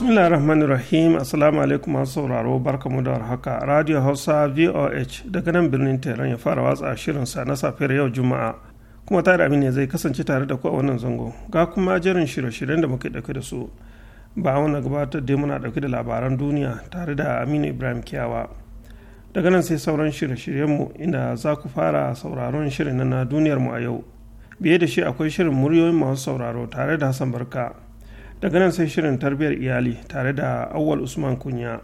bismillah rahmanir rahim assalamu alaikum masu sauraro barkamu da warhaka radio hausa voh daga nan birnin tehran ya fara watsa shirin sa na safiyar yau juma'a kuma tare ne zai kasance tare da ku a wannan zango ga kuma jerin shirye-shiryen da muke dauke da su ba wani gabatar da muna dauke da labaran duniya tare da aminu ibrahim kiyawa daga nan sai sauran shirye-shiryenmu inda za ku fara sauraron shirin na duniyarmu a yau biye da shi akwai shirin muryoyin masu sauraro tare da hassan barka daga nan sai shirin tarbiyyar iyali tare da awwal usman kunya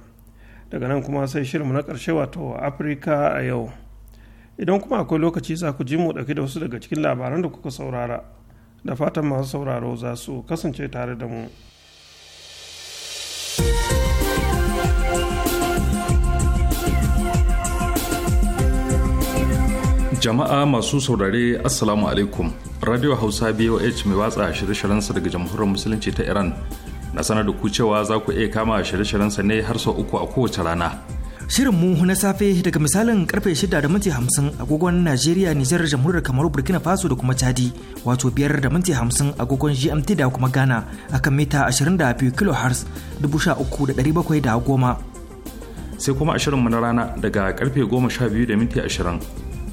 daga nan kuma sai shirin na ƙarshe wato afirka a yau idan kuma akwai lokaci za ku ji mu ɗauki da wasu daga cikin labaran da kuka saurara da fatan masu sauraro za su kasance tare da mu. jama'a masu saurare assalamu alaikum radio hausa boh mai watsa shirye sa daga jamhuriyar musulunci ta iran na sanar da ku cewa za ku iya kama shirye-shiryensa ne har sau uku a kowace rana Shirinmu na safe daga misalin karfe shida da minti 50 agogon Najeriya, Nijar, Jamhuriyar Kamaru, Burkina Faso da kuma Chadi, wato biyar da minti 50 agogon GMT da kuma Ghana akan mita 22 kHz 13,710. Sai kuma a shirinmu na rana daga karfe sha 12 da minti ashirin.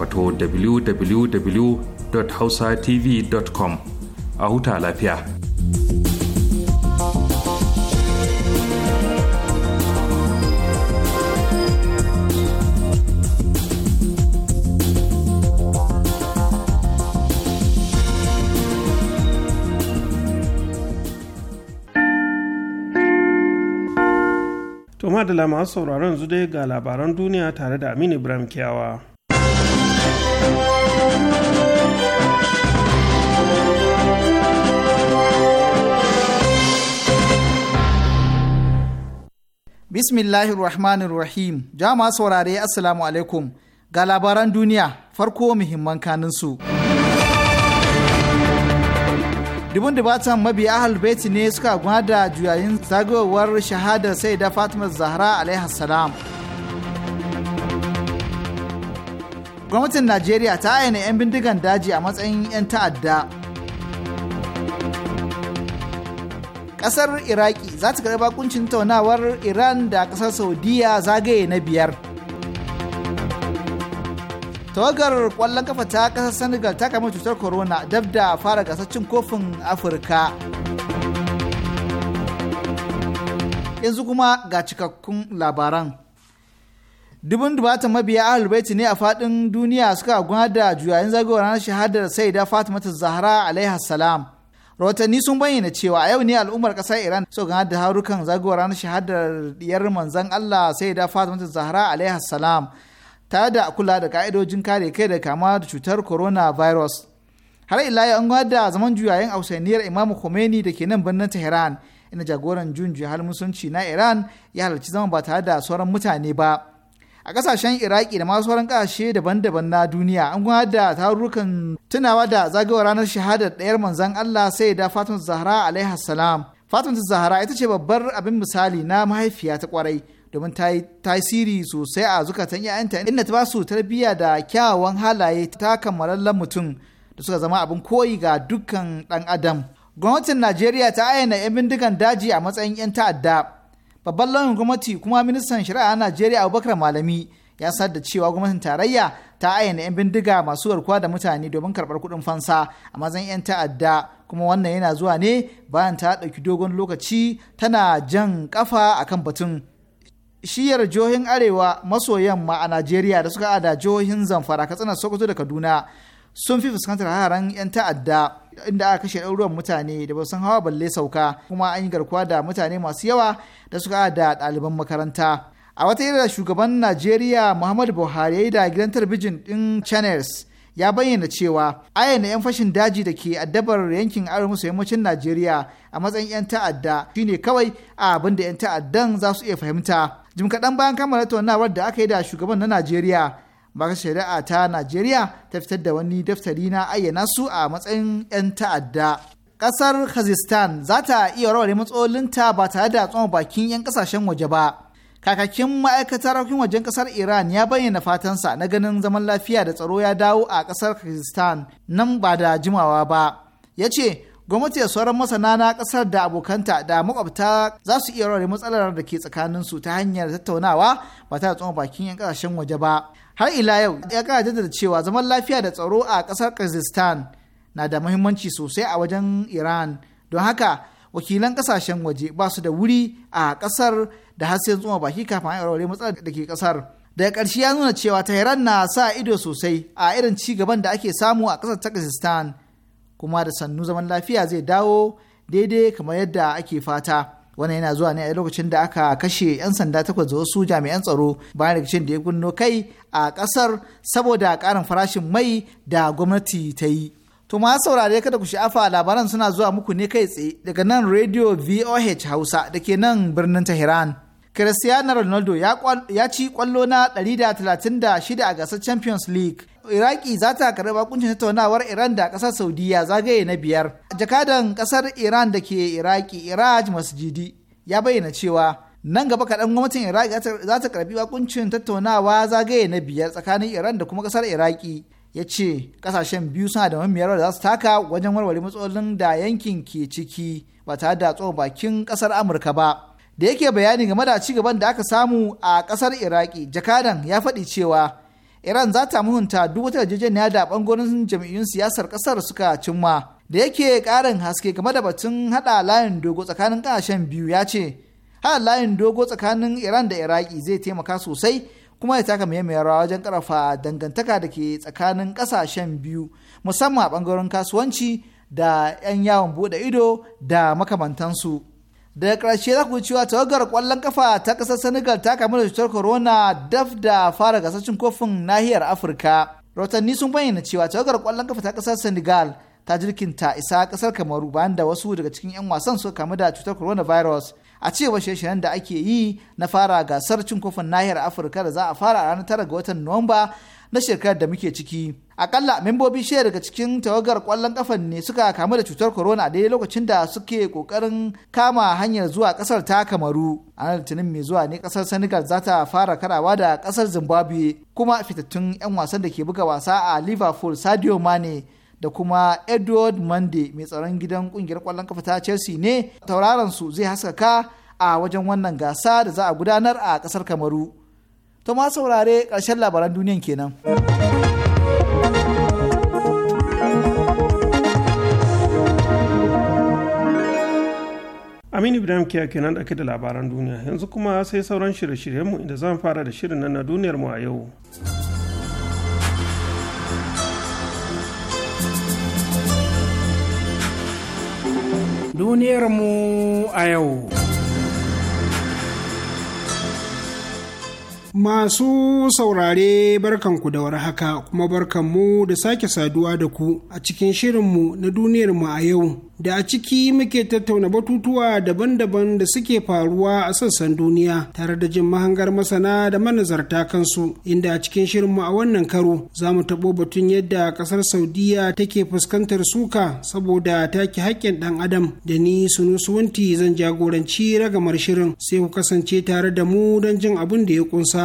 wato www.hausatv.com a huta lafiya. toma da masu sauraron yanzu dai ga labaran duniya tare da Aminu Ibrahim Kiyawa. Bismillahir Rahmanir Rahim. Jama saurare Assalamu alaikum. Ga labaran duniya farko muhimman kanin su. Dubun dubatan mabiya Ahlul Baiti ne suka gwada juyayin zagayowar shahadar Sayyida Fatima Zahra alaihi salam. gwamnatin najeriya ta ayyana 'yan bindigan daji a matsayin 'yan ta'adda Ƙasar iraki za ta karɓi bakuncin taunawar iran da ƙasar saudiya zagaye na biyar tawagar ƙwallon kafa ta kasar senegal ta kama cutar corona dab da fara gasar cin kofin afirka yanzu kuma ga cikakkun labaran dubin dubata mabiya ahlul baiti ne a fadin duniya suka gwada juyayin zagayowar ranar shahadar saida fatima zahra alaiha salam rahotanni sun bayyana cewa a yau ne al'ummar kasar iran suka gana da harukan zagayowar ranar shahadar diyar manzan allah saida fatima zahra alaiha salam tare da kula da ka'idojin kare kai da kama da cutar virus. har ila yau an gwada zaman juyayin ausainiyar imamu khomeini da ke nan birnin tehran ina jagoran jun har musulunci na iran ya halarci zaman ba tare da sauran mutane ba a kasashen iraki da masu sauran kasashe daban-daban na duniya an gudanar da tarurrukan tunawa da zagayowar ranar shahadar ɗayar manzan allah sai da fatima zahra alaiha salam fatima zahra ita ce babbar abin misali na mahaifiya ta kwarai domin ta yi tasiri sosai a zukatan 'ya'yanta inda ta basu su tarbiyya da kyawawan halaye ta kammalallen mutum da suka zama abin koyi ga dukkan ɗan adam gwamnatin najeriya ta ayyana 'yan bindigan daji a matsayin 'yan ta'adda babban lauyan gwamnati kuma ministan shari'a najeriya abubakar malami ya sanar da cewa gwamnatin tarayya ta ayyana 'yan bindiga masu garkuwa da mutane domin karɓar kuɗin fansa a matsayin 'yan ta'adda kuma wannan yana zuwa ne bayan ta ɗauki dogon lokaci tana jan kafa kan batun shiyar jihohin arewa maso yamma a najeriya da suka ada jihohin zamfara katsina sokoto da kaduna sun fi fuskantar haran 'yan ta'adda inda aka kashe ɗaruruwan mutane da ba san hawa balle sauka kuma an yi garkuwa da mutane masu yawa da suka da ɗaliban makaranta a wata hira da shugaban najeriya muhammadu buhari ya yi da gidan talabijin ɗin channels ya bayyana cewa ayyana 'yan fashin daji da ke addabar yankin arewa maso yammacin najeriya a matsayin 'yan ta'adda shine kawai a abin da 'yan ta'addan za su iya fahimta jim kaɗan bayan kammala tattaunawar da aka yi da shugaban na najeriya bar shari'a ta najeriya ta fitar da wani daftari na ayyana su a matsayin 'yan ta'adda ƙasar Kazistan za ta iya warware matsalolinta ba tare da tsoma bakin 'yan kasashen waje ba kakakin ma'aikatar harkokin wajen ƙasar iran ya bayyana fatansa na ganin zaman lafiya da tsaro ya dawo a ƙasar Kazistan nan ba da jimawa ba ya ce gwamnati da sauran masana na kasar da abokanta da makwabta za su iya rawar matsalar da ke tsakaninsu ta hanyar tattaunawa ba ta tsoma bakin 'yan kasashen waje ba har ila yau ya kara jaddada cewa zaman lafiya da tsaro a ƙasar kazakhstan na da muhimmanci sosai a wajen iran don haka wakilan kasashen waje ba su da wuri a ƙasar da har sai tsuma baki kafin a aure matsalar da ke kasar. daga ƙarshe ya nuna cewa tehran na sa ido sosai a irin ci gaban da ake samu a ƙasar kazakhstan kuma da sannu zaman lafiya zai dawo daidai kamar yadda ake fata. wannan yana zuwa ne a lokacin da aka kashe 'yan sanda takwas da wasu jami'an tsaro bayan rikicin da ya gunno kai a ƙasar saboda karin farashin mai da gwamnati ta yi to ma saurare kada ku sha'afa labaran suna zuwa muku ne kai tsaye daga nan radio voh hausa da ke nan birnin tehran cristiano ronaldo ya ci kwallo na 136 a gasar champions league iraki za ta karɓi bakuncin tattaunawar iran da ƙasar saudiya zagaye na biyar jakadan ƙasar iran da ke iraki iraj masjidi ya bayyana cewa nan gaba kaɗan gwamnatin iraki za ta karɓi bakuncin tattaunawa zagaye na biyar tsakanin iran da kuma ƙasar iraki ya ce ƙasashen biyu suna da muhimmiyar da za su taka wajen warware matsalolin da yankin ke ciki ba tare da tsohon bakin ƙasar amurka ba da yake bayani game da ci gaban da aka samu a ƙasar iraki jakadan ya faɗi cewa iran za ta muhunta duk wata yarjejeniya da bangonin jam'iyyun siyasar kasar suka cimma da yake karin haske game da batun hada layin dogo tsakanin kasashen biyu ya ce hada layin dogo tsakanin iran da iraki zai taimaka sosai kuma ya taka muhimmiyar rawa wajen ƙarafa dangantaka da ke tsakanin kasashen biyu musamman a bangaren kasuwanci da 'yan yawon bude ido da makamantansu. daga ƙarshe za ku cewa tawagar ƙwallon kafa ta ƙasar senegal ta kamu da cutar corona daf da fara gasashen kofin nahiyar afirka rautanni sun bayyana cewa tawagar ƙwallon kafa ta ƙasar senegal ta jirkinta isa ƙasar kamaru bayan da wasu daga cikin 'yan wasan suka kamu da cutar coronavirus a cewar shirye da ake yi na fara gasar cin kofin nahiyar afirka da za a fara a ranar tara ga watan nuwamba na shekarar da muke ciki akalla membobi shida daga cikin tawagar kwallon kafan ne suka kamu da cutar corona a daidai lokacin da suke kokarin kama hanyar zuwa kasar ta kamaru a nan litinin mai zuwa ne kasar senegal za ta fara karawa da kasar zimbabwe kuma fitattun 'yan wasan da ke buga wasa a liverpool sadio mane da kuma edward mande mai tsaron gidan kungiyar kwallon kafa ta chelsea ne tauraron su zai haskaka a wajen wannan gasa da za a gudanar a kasar kamaru to ma saurare karshen labaran duniyan kenan. Aminu Ibrahim Kiya kenan ɗauke da labaran duniya yanzu kuma sai sauran shirye-shiryenmu inda zan fara da shirin nan na duniyarmu a yau. Duniyar mu a yau. Masu saurare barkanku da warhaka kuma barkanmu da sake saduwa da ku a cikin shirinmu na duniyarmu a yau da a ciki muke tattauna batutuwa daban-daban da suke faruwa a sassan duniya tare da jin mahangar masana da manazarta kansu inda a cikin shirinmu a wannan karo za mu taɓo batun yadda ƙasar saudiya take fuskantar suka saboda take haƙƙin ɗan adam da ni sunu suwanti zan jagoranci ragamar shirin sai ku kasance tare da mu don jin abin da ya ƙunsa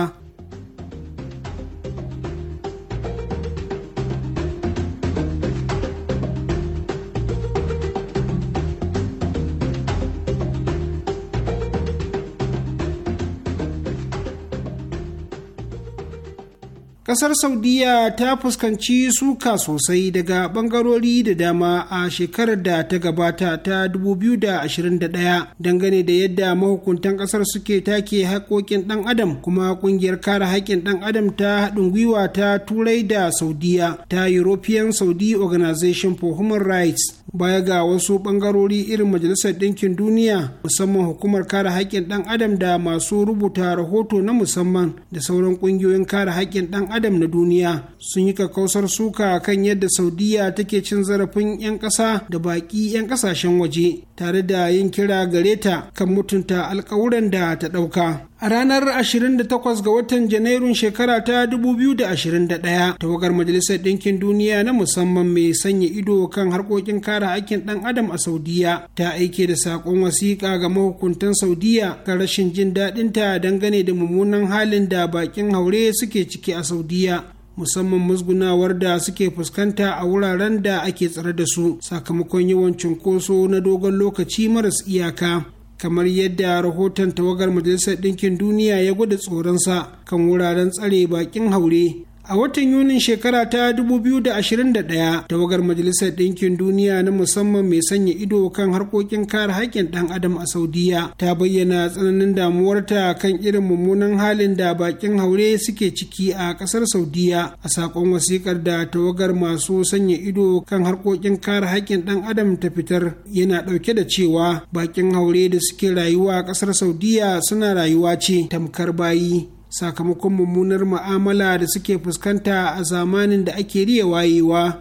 Kasar Saudiya ta fuskanci suka sosai daga bangarori da dama a shekarar da ta gabata ta 2021 dangane da yadda mahukuntan kasar suke take haƙoƙin ɗan adam kuma ƙungiyar kare haƙƙin ɗan adam ta haɗin gwiwa ta turai da Saudiya ta European Saudi Organization for Human Rights baya ga wasu bangarori irin Majalisar Ɗinkin Duniya musamman hukumar kare haƙƙin ɗan adam da masu rubuta rahoto na musamman da sauran ƙungiyoyin kare haƙƙin ɗan adam na duniya sun yi kakkausar suka kan yadda saudiya take cin zarafin 'yan ƙasa da baƙi 'yan ƙasashen waje tare da yin kira gare ta kan mutunta alƙawuran da ta ɗauka A ranar 28 ga watan Janairun shekara ta 2021, tawagar Majalisar Ɗinkin Duniya na musamman mai sanya ido kan harkokin kare hakkin ɗan adam a Saudiya ta aike da saƙon wasiƙa ga mahukuntan Saudiya ga rashin jin daɗinta dangane da mummunan halin da baƙin haure suke ciki a Saudiya. musamman musgunawar da suke fuskanta a wuraren da ake tsare da su sakamakon yawan cunkoso na dogon lokaci maras iyaka kamar yadda rahoton tawagar majalisar ɗinkin duniya ya gwada tsoronsa kan wuraren tsare bakin haure A watan Yunin shekara ta 2021, tawagar Majalisar Ɗinkin Duniya na musamman mai sanya ido kan harkokin kare haƙƙin ɗan adam a Saudiya ta bayyana tsananin damuwarta kan irin mummunan halin da baƙin haure suke ciki a ƙasar Saudiya a saƙon wasiƙar da tawagar masu sanya ido kan harkokin kare haƙƙin ɗan adam ta fitar yana ɗauke da cewa baƙin haure da suke rayuwa a ƙasar Saudiya suna rayuwa ce tamkar bayi sakamakon mummunar ma'amala da suke fuskanta a zamanin da ake riya wayewa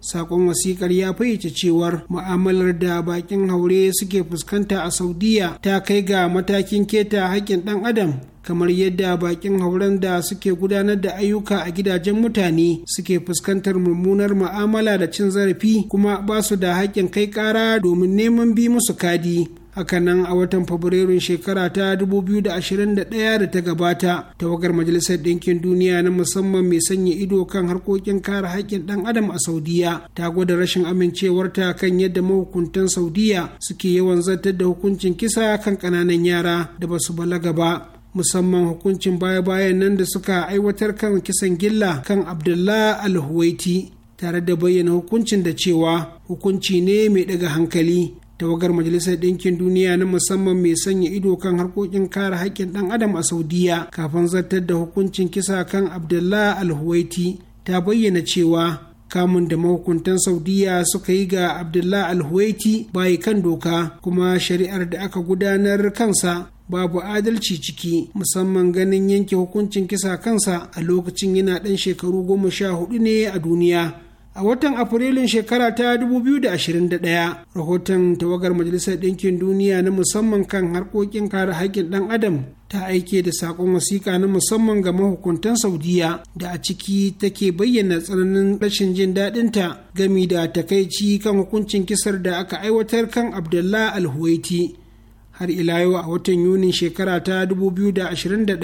sakon wasikar ya fayyace cewar Ma'amalar da bakin haure suke fuskanta a saudiya ta kai ga matakin keta haƙƙin ɗan adam kamar yadda bakin hauren da suke gudanar da ayyuka a gidajen mutane suke fuskantar mummunar ma'amala da cin zarafi kuma ba su da haƙƙin kai ƙara domin neman bi musu kadi hakanan a watan fabrairun shekara ta 2021 da ta gabata tawagar majalisar ɗinkin duniya na musamman mai sanya ido kan harkokin kare haƙƙin ɗan adam a saudiya ta gwada rashin amincewarta kan yadda mahukuntan saudiya suke yawan zartar da hukuncin kisa kan ƙananan yara da ba su balaga ba musamman hukuncin baya-bayan nan da suka aiwatar kan kisan gilla kan abdullah al tare da bayyana hukuncin da cewa hukunci ne mai daga hankali tawagar majalisar ɗinkin duniya na musamman mai sanya ido kan harkokin kare haƙƙin ɗan adam a Saudiyya. kafin zartar da hukuncin kisa kan abdullah alhuwaiti ta bayyana cewa kamun da mahukuntan Saudiyya suka yi ga abdullah alhuwaiti bayi kan doka kuma shari'ar da aka gudanar kansa babu adalci ciki musamman ganin yanke hukuncin kisa kansa a lokacin yana ɗan shekaru goma sha hudu ne a duniya a watan afrilun shekara ta 2021 rahoton tawagar majalisar ɗinkin duniya na musamman kan harkokin kare haƙƙin ɗan adam ta aike da saƙon wasiƙa na musamman ga mahukuntan saudiya da a ciki take bayyana tsananin rashin jin daɗinta gami da takaici kan hukuncin kisar da aka aiwatar kan abdullah alhuwaiti har ila yau a watan yunin shekara ta 2021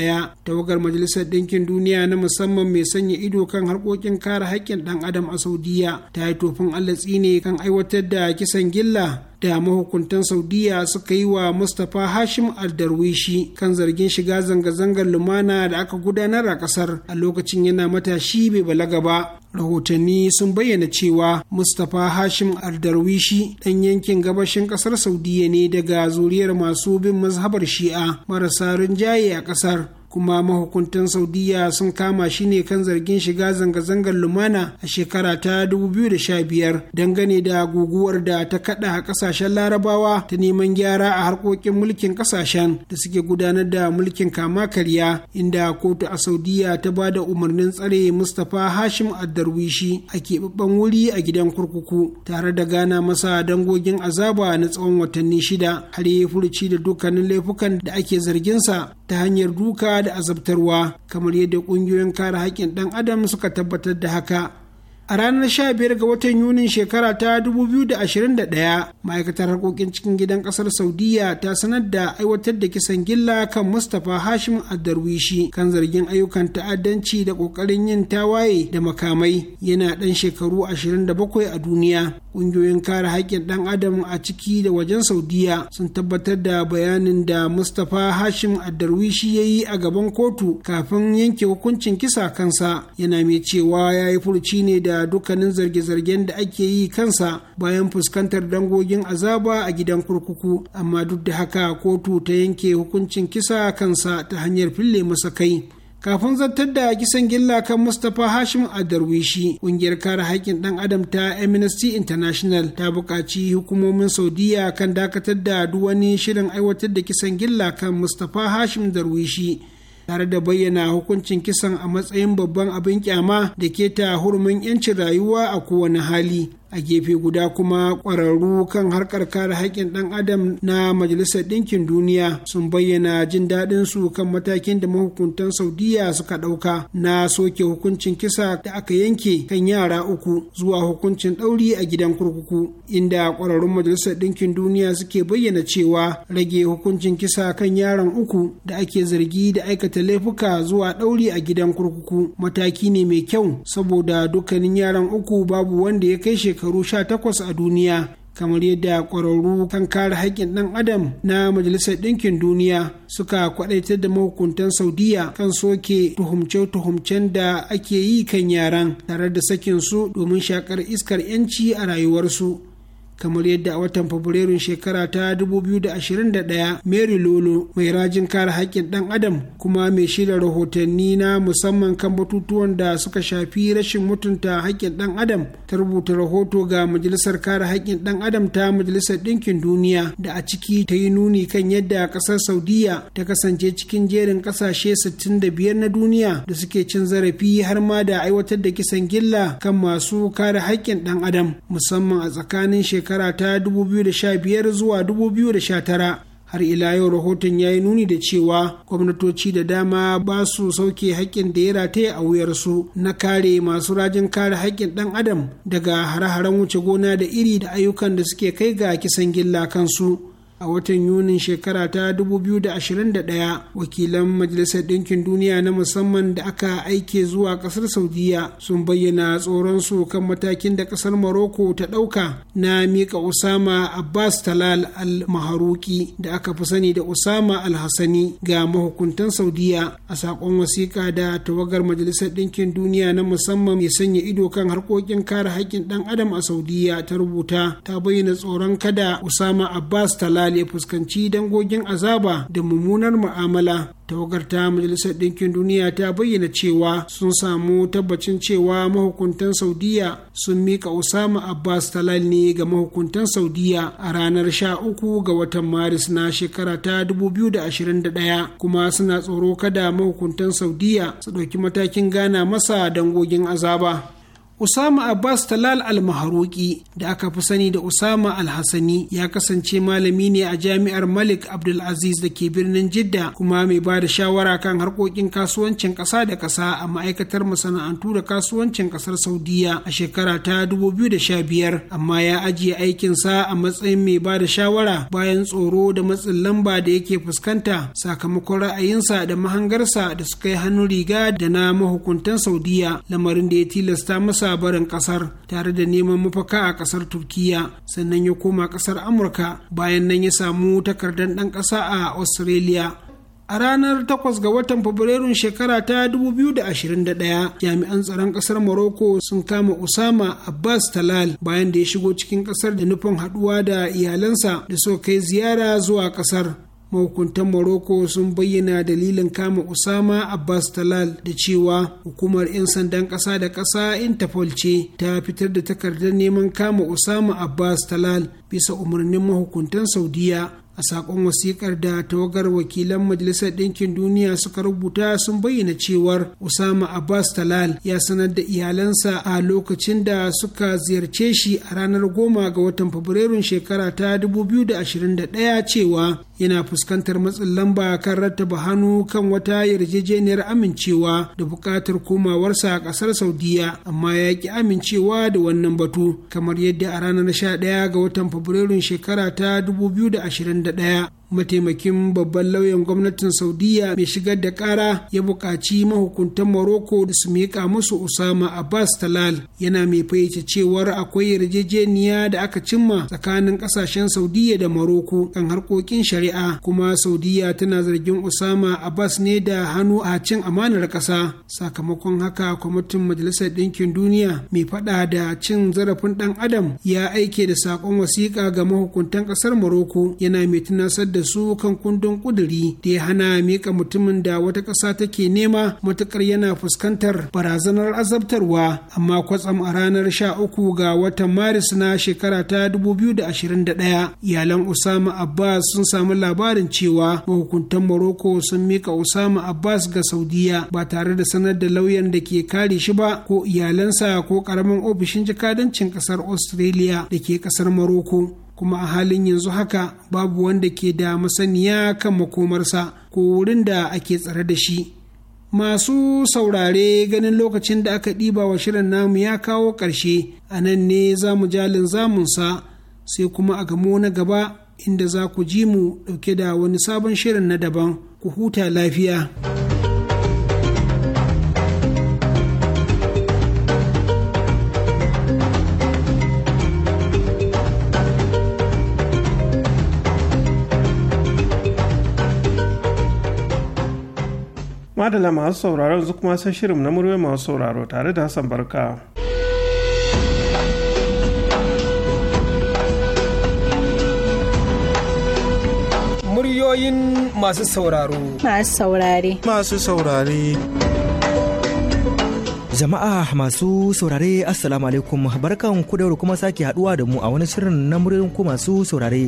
tawagar majalisar ɗinkin duniya na musamman mai sanya ido kan harkokin kare haƙƙin ɗan adam a saudiya ta yi tofin allatsi ne kan aiwatar da kisan gilla da mahukuntan saudiya suka yi wa mustapha hashim aldarwishi kan zargin shiga zanga-zangar lumana da aka gudanar a kasar a lokacin yana matashi bai balaga ba rahotanni sun bayyana cewa mustapha hashim aldarwishi ɗan yankin gabashin ƙasar saudiya ne daga zuriyar masu bin mazhabar shi'a marasa rinjaye a ƙasar kuma mahukuntan saudiya sun kama shi ne kan zargin shiga zanga-zangar lumana a shekara ta 2015 dangane da guguwar da ta kada a kasashen larabawa ta neman gyara a harkokin mulkin kasashen da suke gudanar da mulkin kama karya inda kotu a saudiya ta ba da umarnin tsare mustapha hashim addarwishi a keɓaɓɓen wuri a gidan kurkuku tare da gana masa dangogin azaba na tsawon watanni shida har ya furuci da dukkanin laifukan da ake zarginsa ta hanyar duka da azabtarwa kamar yadda ƙungiyoyin kare haƙƙin ɗan adam suka tabbatar da haka a ranar 15 ga watan yunin shekara ta 2021 ma'aikatar harkokin cikin gidan kasar saudiya ta sanar da aiwatar da kisan gilla kan mustapha hashim adarwishi kan zargin ayyukan ta'addanci da ƙoƙarin yin tawaye da makamai yana ɗan shekaru 27 a duniya Ƙungiyoyin kare haƙƙin ɗan adam a ciki da wajen Saudiya sun tabbatar da bayanin da Mustapha Hashim Addarwishi ya yi a gaban kotu kafin yanke hukuncin kisa kansa yana mai cewa ya yi furci ne da dukkanin zarge-zargen da ake yi kansa bayan fuskantar dangogin azaba a gidan kurkuku amma duk da haka kotu ta yanke hukuncin kisa kansa ta hanyar fille masa kai. kafin zartar da kisan gilla kan mustapha hashim a darwishi kungiyar kare haƙƙin ɗan adam ta amnesty international ta buƙaci hukumomin saudiya kan dakatar da duk wani shirin aiwatar da kisan gilla kan mustapha hashim darwishi tare da bayyana hukuncin kisan a matsayin babban abin kyama da ke ta hurumin 'yancin rayuwa a kowane hali a gefe guda kuma ƙwararru kan harkar kare haƙƙin ɗan adam na majalisar ɗinkin duniya sun bayyana jin daɗin su kan matakin da mahukuntan saudiya suka ɗauka na soke hukuncin kisa da aka yanke kan yara uku zuwa hukuncin ɗauri a gidan kurkuku inda ƙwararrun majalisar ɗinkin duniya suke bayyana cewa rage hukuncin kisa kan yaran uku da ake zargi da aikata laifuka zuwa ɗauri a gidan kurkuku mataki ne mai kyau saboda dukkanin yaran uku babu wanda ya kai shekaru shekaru 18 a duniya kamar yadda ƙwararru kan kare haƙƙin ɗan adam na majalisar ɗinkin duniya suka kwaɗaitar da mahukuntan saudiya kan soke tuhumce-tuhumcen da ake yi kan yaran tare da sakinsu domin shakar iskar 'yanci a rayuwarsu kamar yadda a watan fabrairun shekara ta 2021 mary lolo mai rajin kare haƙƙin ɗan adam kuma mai shirya rahotanni na musamman kan batutuwan da suka shafi rashin mutunta haƙƙin ɗan adam ta rubuta rahoto ga majalisar kare haƙƙin ɗan adam ta majalisar ɗinkin duniya da a ciki ta yi nuni kan yadda ƙasar saudiyya ta kasance cikin jerin ƙasashe 65 na duniya da suke cin zarafi har ma da aiwatar da kisan gilla kan masu kare haƙƙin ɗan adam musamman a tsakanin shekara shekara ta 2015 zuwa 2019 har ila yau rahoton ya yi nuni da cewa gwamnatoci da dama ba su sauke haƙƙin da ya rataye a wuyarsu na kare masu rajin kare haƙƙin ɗan adam daga hare-haren wuce gona da iri da ayyukan da suke kai ga kisan gilla kansu a watan yunin shekara ta 2021 wakilan majalisar ɗinkin duniya na musamman da aka aike zuwa ƙasar saudiya sun bayyana tsoronsu kan matakin da ƙasar maroko ta ɗauka na miƙa usama abbas talal al-maharuki da aka fi sani da usama al-hassani ga mahukuntan saudiya a saƙon wasiƙa da tawagar majalisar ɗinkin duniya na musamman mai sanya ido kan harkokin kare haƙƙin ɗan adam a saudiya ta rubuta ta bayyana tsoron kada usama abbas talal misali ya fuskanci dangogin azaba da mummunar mu'amala tawagarta majalisar ɗinkin duniya ta bayyana cewa sun samu tabbacin cewa mahukuntan saudiya sun mika usama abbas talal ne ga mahukuntan saudiya a ranar sha uku ga watan maris na shekara ta 2021 kuma suna tsoro kada mahukuntan saudiya su ɗauki matakin gana masa dangogin azaba Usama Abbas Talal al maharuki da aka fi sani da Usama Al-Hassani ya kasance malami ne a jami'ar Malik Abdulaziz da ke birnin Jidda kuma mai ba da shawara kan harkokin kasuwancin ƙasa da ƙasa a ma'aikatar masana'antu da kasuwancin ƙasar Saudiya a shekara ta 2015 amma ya ajiye aikinsa a matsayin mai ba da shawara bayan tsoro da matsin lamba da yake fuskanta sakamakon ra'ayinsa da mahangarsa da suka yi hannun riga da na mahukuntan Saudiya lamarin da ya tilasta masa gaza barin kasar tare da neman mafaka a kasar turkiya sannan ya koma kasar amurka bayan nan ya samu takardar ɗan ƙasa a australia a ranar 8 ga watan fabrairun shekara ta 2021 jami'an tsaron kasar morocco sun kama usama abbas talal bayan da ya shigo cikin kasar da nufin haduwa da iyalansa da suka kai ziyara zuwa kasar mahukuntan Morocco sun bayyana dalilin kama Usama Abbas Talal da cewa hukumar 'yan sandan ƙasa da ƙasa Interpol ce ta fitar da takardar neman kama Usama Abbas Talal bisa umarnin mahukuntan Saudiya a saƙon wasikar da tawagar wakilan majalisar ɗinkin duniya suka rubuta sun bayyana cewar usama abbas talal ya sanar da iyalansa a lokacin da suka ziyarce shi a ranar goma ga watan fabrairun shekara ta 2021 cewa yana fuskantar matsin lamba kan rattaba hannu kan wata yarjejeniyar amincewa da buƙatar komawarsa a ƙasar saudiya amma ya ƙi amincewa da wannan batu kamar yadda a ranar 11 ga watan fabrairun shekara ta 2021 mataimakin babban lauyan gwamnatin saudiya mai shigar da kara ya buƙaci mahukuntan morocco da su miƙa musu usama abbas talal yana mai fayyace cewar akwai yarjejeniya da aka cimma tsakanin ƙasashen saudiya da morocco kan harkokin shari'a kuma saudiya tana zargin usama abbas ne da hannu a cin amanar ƙasa sakamakon haka kwamitin majalisar ɗinkin duniya mai faɗa da cin zarafin ɗan adam ya aike da saƙon wasiƙa ga mahukuntan ƙasar morocco yana mai tunasar da da su kan kundin kuduri da ya hana mika mutumin da wata ƙasa take nema matukar yana fuskantar barazanar azabtarwa amma kwatsam a ranar sha uku ga watan maris na shekara ta dubu biyu da da 2021 iyalan usama abbas sun samu labarin cewa mahukuntan morocco sun mika usama abbas ga saudiya ba tare da sanar da lauyan da ke kare shi ba ko iyalansa ko ƙaramin ofishin jakadancin ƙasar australia da ke ƙasar morocco kuma a halin yanzu haka babu wanda ke da masaniya kan makomarsa ko wurin da ake tsare da shi masu saurare ganin lokacin da aka ɗiba wa shirin namu ya kawo ƙarshe a nan ne za mu jalin zamunsa sai kuma a gamo na gaba inda za ku ji mu ɗauke da wani sabon shirin na daban ku huta lafiya. madala masu sauraro yanzu kuma sai shirin na muryoyi masu sauraro tare da hassan barka muryoyin masu sauraro masu saurare masu saurare jama'a masu saurare assalamu alaikum barkan ku da kuma sake haduwa da mu a wani shirin na muryoyin ku masu saurare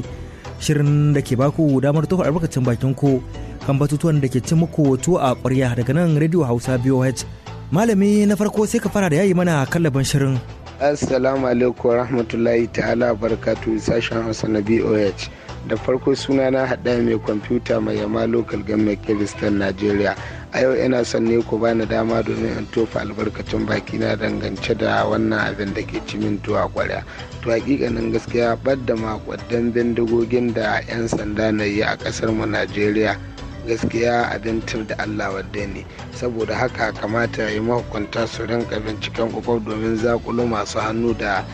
shirin da ke baku damar tofa albarkacin bakin ku kan batutuwan da ke ci muku wato a ƙwarya daga nan Radio Hausa BOH. Malami na farko sai ka fara da yayi mana kallaban shirin. Assalamu alaikum rahmatullahi ta'ala barakatu sashen Hausa na BOH. Da farko suna na haɗa mai kwamfuta mai yamma local government Kiristan Najeriya. a yau ina son ne ku bani dama domin in tofa albarkacin baki na dangance da wannan abin da ke cimin tuwa kwarya to hakikanin gaskiya da makwaddan bindigogin da 'yan sanda na yi a kasar mu najeriya gaskiya abin da allah wadda ne saboda haka kamata ya yi mahukunta su rinka binciken kwakwaf domin zakulu masu hannu da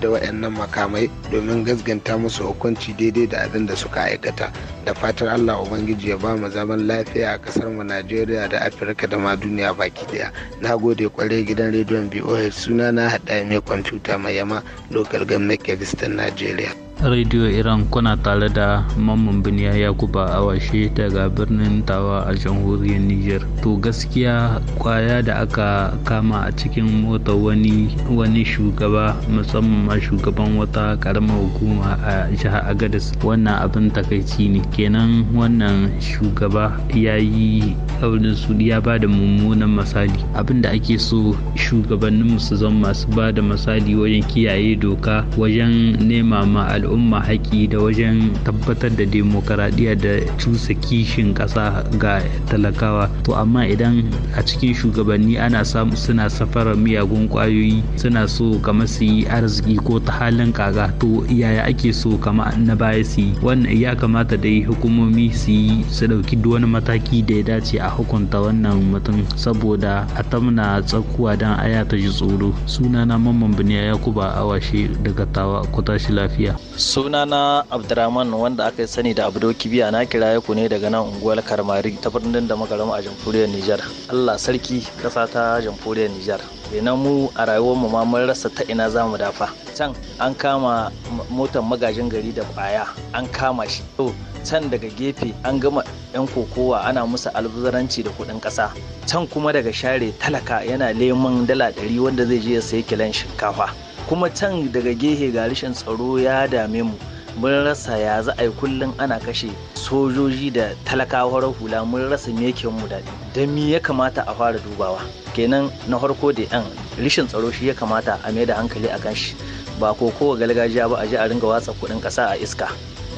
da waɗannan makamai domin gasganta musu hukunci daidai da abin da suka aikata da fatar allah ubangiji ya ba mu zaman lafiya a ƙasar mu najeriya da afirka da ma duniya baki daya na gode kwarai gidan rediyon boh suna na haɗa mai kwamfuta mai yama lokal gwamnati kebistan najeriya Radio Iran kuna tare da Mamman Biniya Yakuba Awashe daga birnin Tawa a jamhuriyar Niger. To gaskiya kwaya da aka kama a cikin mota wani wani shugaba musamman ma shugaban wata karamar hukuma a jihar agadis wannan abin takaici ne kenan wannan shugaba ya yi kaurin su ya ba da mummunan misali abin da ake so shugabanninmu su zama masu ba da misali wajen kiyaye doka wajen nema ma al'umma haƙƙi da wajen tabbatar da demokaradiyya da cusa kishin ƙasa ga talakawa to amma idan a cikin shugabanni ana samu suna safara miyagun ƙwayoyi suna so kamar su yi arziki ko ta halin kaga to yaya ake so kama na baya su yi wannan ya kamata dai hukumomi su yi su ɗauki duk wani mataki da ya dace a hukunta wannan mutum saboda a tamna tsakuwa don aya ta ji tsoro sunana mamman biniya yakuba awashe daga tawa ku tashi lafiya sunana abdurrahman wanda aka sani da abdo kibiya na kira ku ne daga nan unguwar karmari ta birnin da magarama a jamhuriyar nijar allah sarki kasa ta jamhuriyar nijar kenan eh, mu a rayuwarmu ma mun rasa ta ina zamu dafa can an kama motar magajin gari da kwaya an kama shi to can daga gefe an gama yan kokowa ana musu albuzaranci da kuɗin ƙasa can kuma daga share talaka yana leman dala ɗari wanda zai je ya sayi kilan shinkafa kuma can daga gehe ga rashin tsaro ya dame mu mun rasa ya za a yi kullum ana kashe sojoji da talakawar hula mun rasa me yake mu daɗi don mi ya kamata a fara dubawa kenan na farko da yan rashin tsaro shi ya kamata a mai da hankali a kan shi ba ko kowa galgajiya ba a ji a ringa watsa kuɗin ƙasa a iska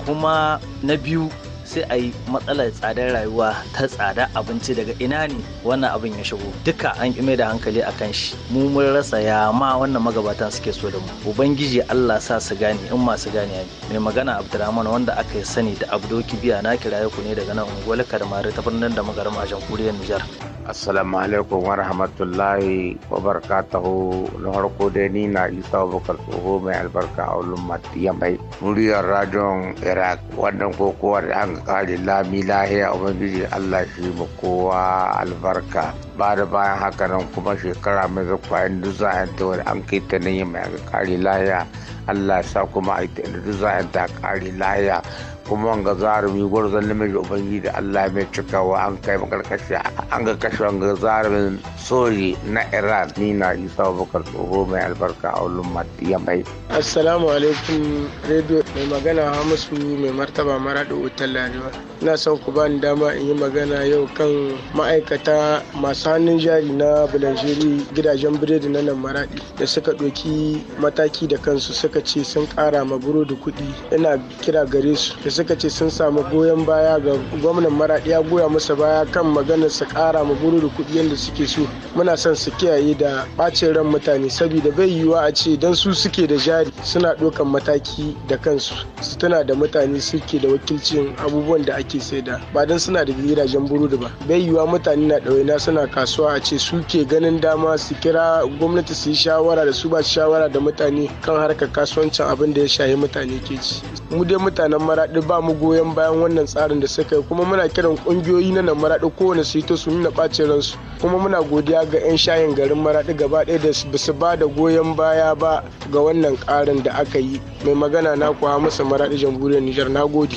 kuma na biyu sai a yi matsalar tsadar rayuwa ta tsada abinci daga ina ne wannan abin ya shigo duka an ƙi da hankali a kan shi mu mun rasa ya ma wannan magabatan suke so da mu ubangiji Allah sa su gane in masu gane ne mai magana Abdulrahman wanda aka yi sani da Abdoki biya na kiraye ku ne daga nan unguwar Kadamare ta birnin da magaram a jamhuriyar Nijar assalamu alaikum wa rahmatullahi wa barakatuhu na harko dai ni na isa bakar tsoho mai albarka a wulin matiyan bai muryar rajon iraq wannan kokowa da an kare lami lahiya ubangiji allah shi mu kowa albarka ba da bayan haka nan kuma shekara mai zakwa yanzu za a wani an kai ta nan mai kare lahiya allah sa kuma a yi za a kare lahiya kuma wanga zarumi gwarzon namiji ubangiji Allah mai cikawa an kai makarkashi an ga kashe wanga zarumin soji na Iran ni na Isa Abubakar Tsoho mai albarka a mati ya mai. Assalamu alaikum radio mai magana Hamisu mai martaba maraɗi otal Larewa. Ina son ku bani dama in yi magana yau kan ma'aikata masu hannun jari na bulanjeri gidajen biredi na nan maraɗi da suka doki mataki da kansu suka ce sun ƙara ma burodi kuɗi ina kira gare su suka ce sun samu goyon baya ga gwamnan maraɗi ya goya masa baya kan maganar su ƙara ma guru da kuɗi yadda suke so muna son su kiyaye da ɓacin ran mutane saboda bai yiwuwa a ce dan su suke da jari suna ɗaukan mataki da kansu su tana da mutane suke da wakilcin abubuwan da ake saida ba don suna da gidajen burodi ba bai yiwuwa mutane na ɗawaina suna kasuwa a ce suke ganin dama su kira gwamnati su yi shawara da su ba shawara da mutane kan harkar kasuwancin abin da ya shahi mutane ke ci mu dai mutanen maraɗi ba mu goyon bayan wannan tsarin da suka yi kuma muna kiran kungiyoyi na nan maraɗi kowane su yi ta su nuna ɓacin ransu kuma muna godiya ga 'yan shayin garin maraɗi gaba ɗaya da su ba da goyon baya ba ga wannan ƙarin da aka yi mai magana na kuwa masa maraɗi jamhuriyar nijar na gode.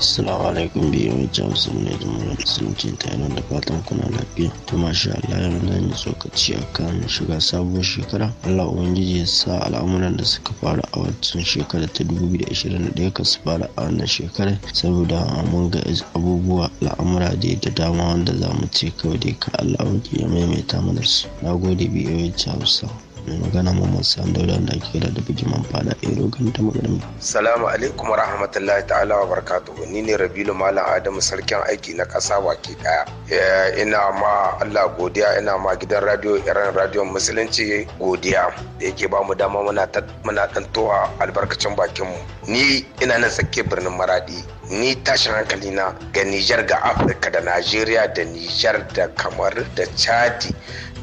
Assalamu alaikum biyu mai sun ne da sun ce ta yana da fatan kuna lafiya. To masha Allah yau zan yi tsokaci a kan shiga sabuwar shekara. Allah Ubangiji ya sa al'amuran da suka fara a wancan shekara ta 2021 ka su fara a wannan shekarar saboda mun ga abubuwa al'amura da da dama wanda za mu ce kawai dai ka Allah ya maimaita mana su. Na gode biyu mai sun. mai magana Muhammad Sando da wanda ake da bugi man fada ta magana magaram. Salamu alaikum wa rahmatullahi ta'ala wa barakatuhu. Ni ne Rabilu Malam Adamu sarkin aiki na ƙasa waki daya. Eh, ina ma Allah godiya ina ma gidan radio Iran Radio Musulunci godiya da yake ba mu dama muna muna tantowa albarkacin bakin mu. Ni ina nan tsakiyar birnin Maradi. Ni tashin hankali na ga Nijar ga Afirka da Najeriya da Nijar da Kamar da Chadi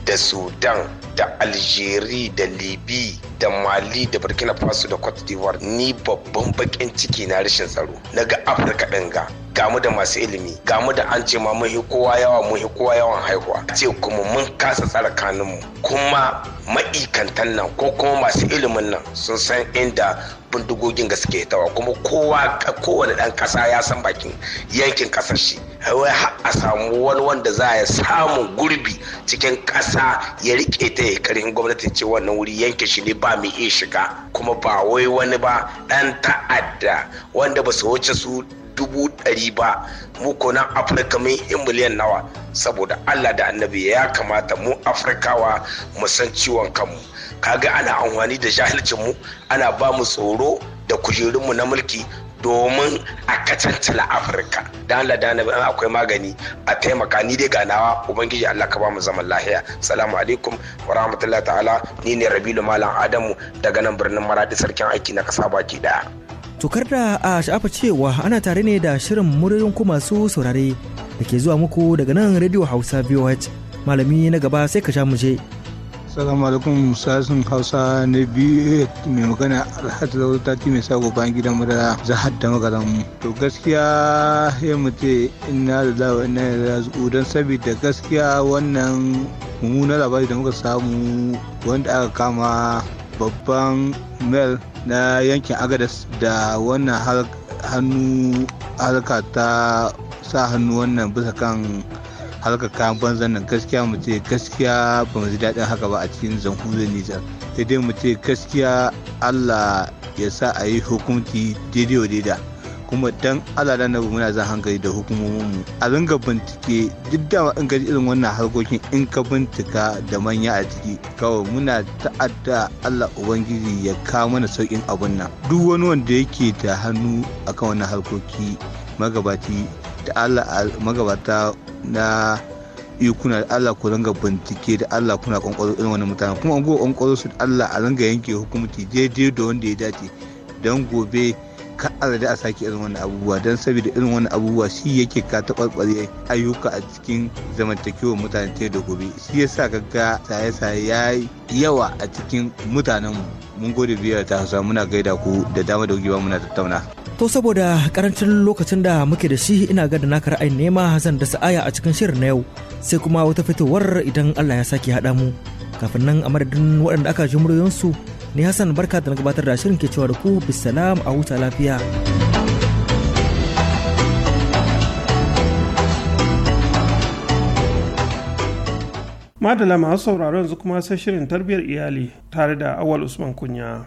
da sudan da algeria da libi da mali da burkina faso da cote d'ivoire ni babban bakin ciki na rashin tsaro na ga afirka ɗin ga gamu da masu ilimi gamu da an ce ma mun kowa yawa mun kowa yawan haihuwa ce kuma mun kasa tsara mu kuma ma'ikantan nan ko kuma masu ilimin nan sun san inda bindigogin gaske tawa kuma kowa kowane dan kasa ya san bakin yankin kasar shi wai a samu wani wanda za ya samu gurbi cikin kasa ya rike ta ya karin gwamnati ce wannan wuri yankin shi ne ba mai iya shiga kuma ba wai wani ba dan ta'adda wanda ba su wuce su dubu ɗari ba mu nan afirka mun yi miliyan nawa saboda allah da annabi ya kamata mu afirkawa mu san ciwon kanmu kaga ana amfani da mu ana ba mu tsoro da kujerunmu na mulki domin a kacantala afirka da allah da annabi akwai magani a taimaka ni dai ganawa ubangiji allah ka ba mu zaman lahiya salamu alaikum wa rahmatullahi ta'ala ni ne rabilu malam adamu daga nan birnin maradi sarkin aiki na kasa baki daya kar da a sha'afa cewa ana tare ne da shirin muryoyin ku masu saurare da ke zuwa muku daga nan Radio Hausa VOH. Malami na gaba sai ka sha mu je. alaikum sasin Hausa na biyu mai magana Alhaji zaune ta mai sako bayan gidan madara da zahar da magana mu. To gaskiya ya mutu ina da lawa ina da razu don saboda gaskiya wannan mummunan labari da muka samu wanda aka kama babban mel na yankin agadas da wannan hannu halka ta sa hannu wannan bisa kan harkar kayan banzan nan gaskiya mu ce gaskiya ba mu ji daɗin haka ba a cikin zanhuriyar nijar sai dai mu ce gaskiya allah ya sa a yi hukunci daidai wa daidai kuma dan Allah da nabi muna zan hankali da hukumomin mu a ringa bincike duk da in ka irin wannan harkokin in ka bincika da manya a ciki kawai muna ta'adda Allah ubangiji ya kawo mana saukin abun nan duk wani wanda yake da hannu akan wannan harkoki magabati da Allah magabata na yi kuna da Allah ku ringa bincike da Allah kuna kwankwaro irin wani mutane kuma an gowa kwankwaro su da Allah a ringa yanke hukumci daidai da wanda ya dace don gobe ka a sake irin wani abubuwa don saboda irin wani abubuwa shi yake ka taɓarɓare ayyuka a cikin zamantakewar mutane ta da gobe shi yasa kaga saye-saye ya yi yawa a cikin mutanenmu mun gode biyar ta hausa muna gaida ku da dama da gugewa muna tattauna. To saboda karancin lokacin da muke da shi ina ga da naka ra'ayin nema zan da sa'aya a cikin shirin na yau sai kuma wata fitowar idan Allah ya sake haɗa mu kafin nan a madadin waɗanda aka ji muryoyinsu ni hassan barka da na gabatar da shirin ke cewa da ku bisalam a wuta lafiya madala masu sauraro yanzu kuma sai shirin tarbiyar iyali tare da awal usman kunya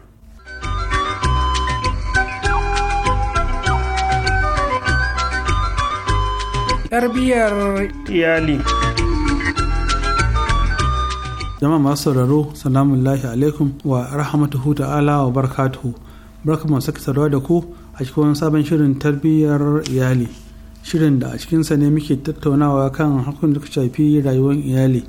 tarbiyar iyali jama'a masu sauraro salamu alaihi alaikum wa rahmatuhu ta'ala wa barakatuhu barkamu saki sarwa da ku a cikin sabon shirin tarbiyyar iyali shirin da a cikinsa ne muke tattaunawa kan hakun da shafi rayuwar iyali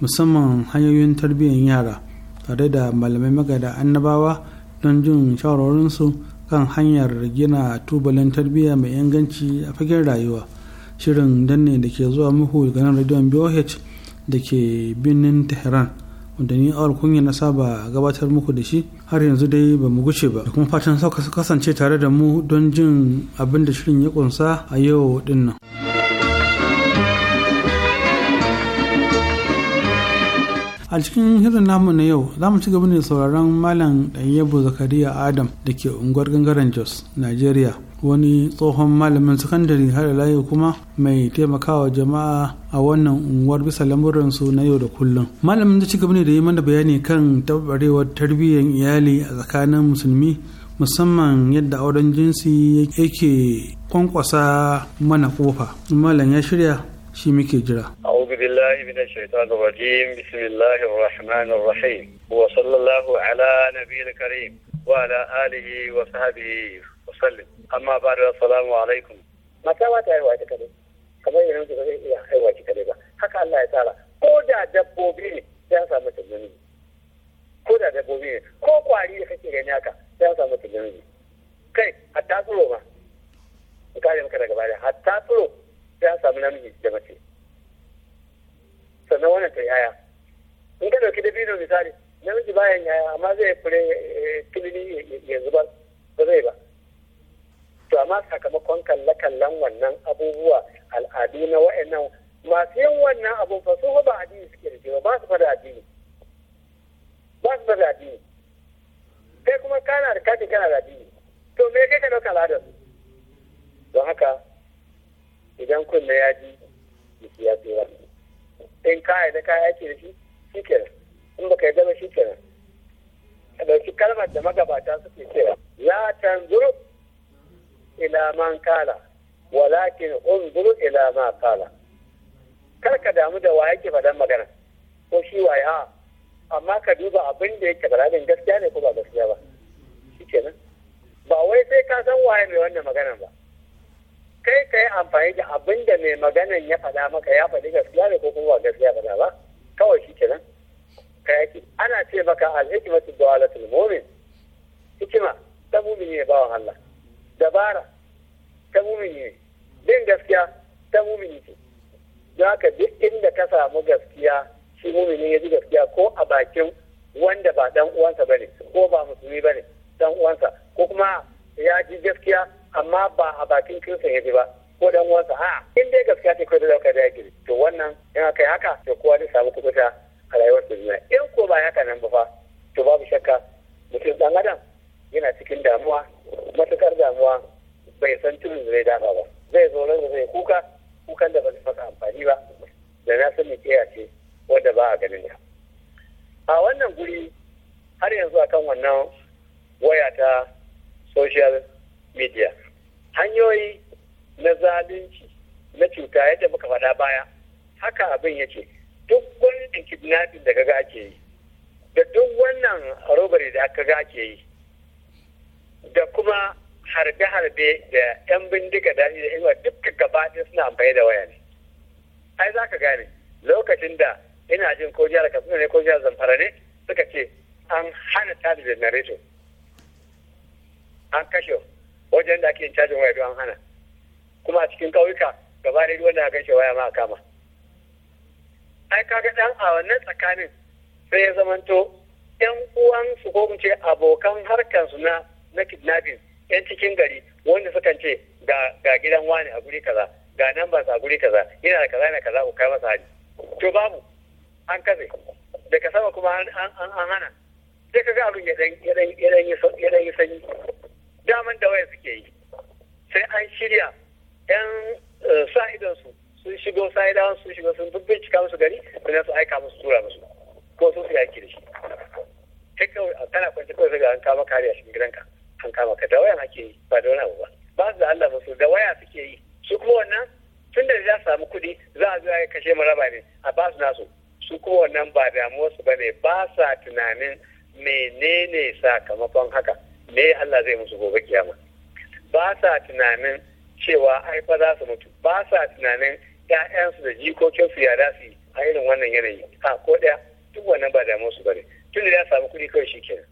musamman hanyoyin tarbiyyar yara tare da malamai magada annabawa don jin shawarwarinsu kan hanyar gina tubalin tarbiyya mai inganci a fagen rayuwa shirin danne da ke zuwa muku ganin rediyon BOH da ke birnin tehran wanda ni awar kunya na saba gabatar muku da shi har yanzu dai ba mu guce ba da kuma fatan sauka su kasance tare da mu don jin abin da shirin ya kunsa a yau dinnan. a cikin hirin namu na yau za mu ci gaba ne sauraron malam ɗayyabo zakariya adam da ke unguwar gangaren jos nigeria wani tsohon malamin sakandare har layi kuma mai taimakawa jama'a a wannan unguwar bisa lamuransu na yau da kullum malamin da ci gaba ne da yi mana bayani kan tabarewar tarbiyyar iyali a tsakanin musulmi musamman yadda auren jinsi yake kwankwasa mana kofa malam ya shirya shi muke jira أعوذ بالله من الشيطان الرجيم بسم الله الرحمن الرحيم وصلى الله على الكريم وعلى آله وصحبه وسلم أما بعد السلام عليكم ta iya haihuwa ba haka Allah ya ko da dabbobi ne ya ko da dabbobi ne ko kake kai hatta tsoro in kare maka daga baya hatta tsoro sai an samu namiji da mace sannan wannan ta yaya in ka da biyu misali namiji bayan yaya amma zai fure eh, kilini ya zubar ba zai ba to amma sakamakon kalle-kallen wannan abubuwa al'adu na wa'annan masu yin wannan abun fa sun ba addini suke da ba su fada addini ba su fada addini kai kuma kana da kake kana da addini to me kai ka dauka al'adar don haka idan kunne ya ji jiki ya tsira in ka da kaya aiki da shi shi ke in baka yi ba shi nan a ɗauki kalmar da magabata suke cewa la tanzuru ila man kala walakin unzuru ila ma kala kar ka damu da wa yake faɗan magana ko shi waye a amma ka duba abin da yake faɗa gaskiya ne ko ba gaskiya ba shi ke nan ba wai sai ka san waye mai wannan magana ba kai kai amfani da abin da mai magana ya faɗa maka ya faɗi gaskiya ne ko kuma ba gaskiya faɗa ba kawai shi kenan ka yake ana ce maka alhikmatu dawalatul mu'min hikima ta mu'min ne bawan Allah dabara ta mu'min ne din gaskiya ta mu'mini ce don haka duk inda ka samu gaskiya shi mumin ya ji gaskiya ko a bakin wanda ba dan uwansa bane ko ba musulmi bane dan uwansa ko kuma ya ji gaskiya amma ba a bakin kinsa ya ba ko dan uwansa a in dai gaskiya ce kai da zaka da yake to wannan in aka yi haka to kowa zai samu kubuta a rayuwar su duniya in ko ba haka nan ba fa to babu shakka mutum dan adam yana cikin damuwa matukar damuwa bai san tunin zai dafa ba zai zo da zai kuka kukan da ba zai faka amfani ba da na san sani a ce wanda ba a ganin ya a wannan guri har yanzu akan wannan waya ta social media hanyoyi na zalunci na cuta yadda muka faɗa baya haka abin yake duk wannan kidnapping da kaga ake yi da duk wannan robbery da aka ga ake yi da kuma harbe-harbe da 'yan bindiga da da inuwa dukkan gaba ɗaya suna amfani da waya ne ai za ka gane lokacin da ina jin ko jihar katsina ne ko jihar zamfara ne suka ce an hana tada generator an kashe wajen da ake yin cajin waya don hana kuma a cikin ƙauyuka gaba da wanda na ce waya ma a kama ai kaga dan a wannan tsakanin sai ya zamanto yan uwansu ko mu ce abokan harkansu na na kidnapping yan cikin gari wanda sukan ce ga gidan wani a guri kaza ga nan ba a guri kaza yana da kaza yana kaza ku kai masa hali to babu an kaze daga sama kuma an hana sai kaga abin ya dan ya dan ya dan ya dan ya sanyi daman da waya suke yi sai an shirya yan eh, sa'idansu sun shigo sa'idawa sun shigo sun bincika musu gari da su aika musu tura musu ko sun su yaki da shi sai kawai kana kwanci kawai daga an kama kariya shi gidanka an kama ka da waya ake yi ba da wani abu ba ba su da Allah su da waya suke yi su kuma wannan tun da za samu kuɗi za a zo ya kashe maraba ne a ba su nasu su kuma wannan ba damuwarsu ba ne ba sa tunanin menene sakamakon haka me Allah zai musu gobe kiyama ba sa tunanin cewa ai fa za su mutu ba sa tunanin ƴaƴansu da jikokinsu ya dasi su a irin wannan yanayi a ko ɗaya duk wannan ba damu su bare tun da ya samu kuɗi kawai shi kenan.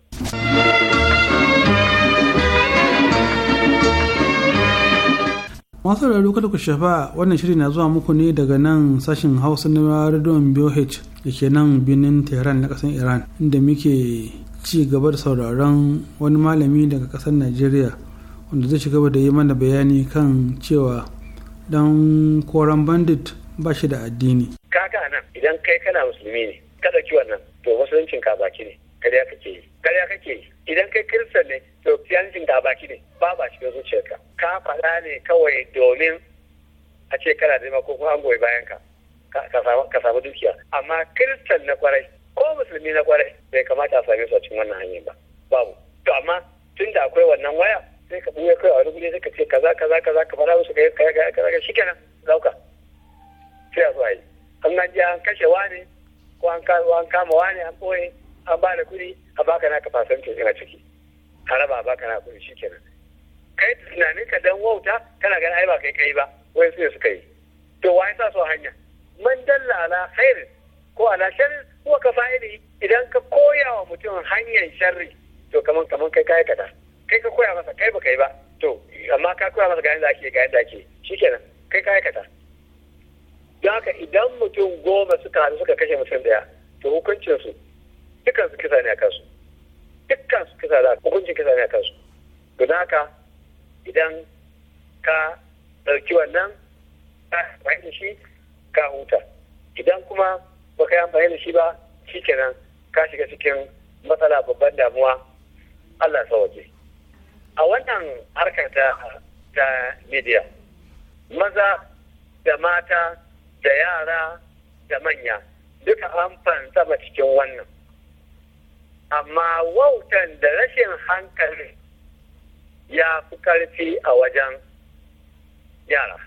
masu rarru kada ku shafa wannan shirin na zuwa muku ne daga nan sashen hausa na rediyon BOH da ke nan birnin tehran na kasan iran inda muke ci gaba da sauraron wani malami daga kasar najeriya wanda zai shiga da yi mana bayani kan cewa dan koran bandit ba shi da addini kaga nan idan kai kana musulmi ne kada ki wannan to musuluncin ka baki ne kariya kake yi kariya kake yi idan kai kiristan ne to fiyancin ka baki ne ba ba cikin zuciyarka ka faɗa ne kawai domin a ce kana da ko kuma an goyi bayan ka ka samu dukiya amma kiristan na kwarai ko musulmi na kwarai bai kamata a same su a cikin wannan hanyar ba babu to amma tun da akwai wannan waya sai ka buya kai a wani guri sai ka ce kaza kaza kaza ka fara musu kai kai kai kaza shikenan dauka sai a zuwa yi an an ji an kashe wani ko an kama wani an boye an ba da kuɗi a baka naka ke a ciki a raba a baka naka kuɗi shikenan kai tunanin ka dan wauta kana ganin ai ba kai kai ba wai su ne suka yi to ya sa so hanya man dalla ala khairin ko ala sharrin Kuma ka fa'ili idan ka koya wa mutum hanyar sharri to kaman kaman kai kai kada kai ka koya masa kai ba kai ba to amma ka koya masa ga yanda ake ga yanda ake shikenan kai kai kada don haka idan mutum goma suka haɗu suka kashe mutum daya to hukuncinsu dukkan su kisa ne a kansu dukkan su kisa da hukuncin kisa ne a kansu don haka idan ka ɗauki wannan ka fahimci shi ka huta idan kuma ba ka yi amfani da shi ba shi kenan ka shiga cikin matsala babban damuwa Allah sa waje. a wannan harkar ta ta media maza da mata da yara da manya duka an fansa ba cikin wannan amma wautan da rashin hankali ya fi karfi a wajen yara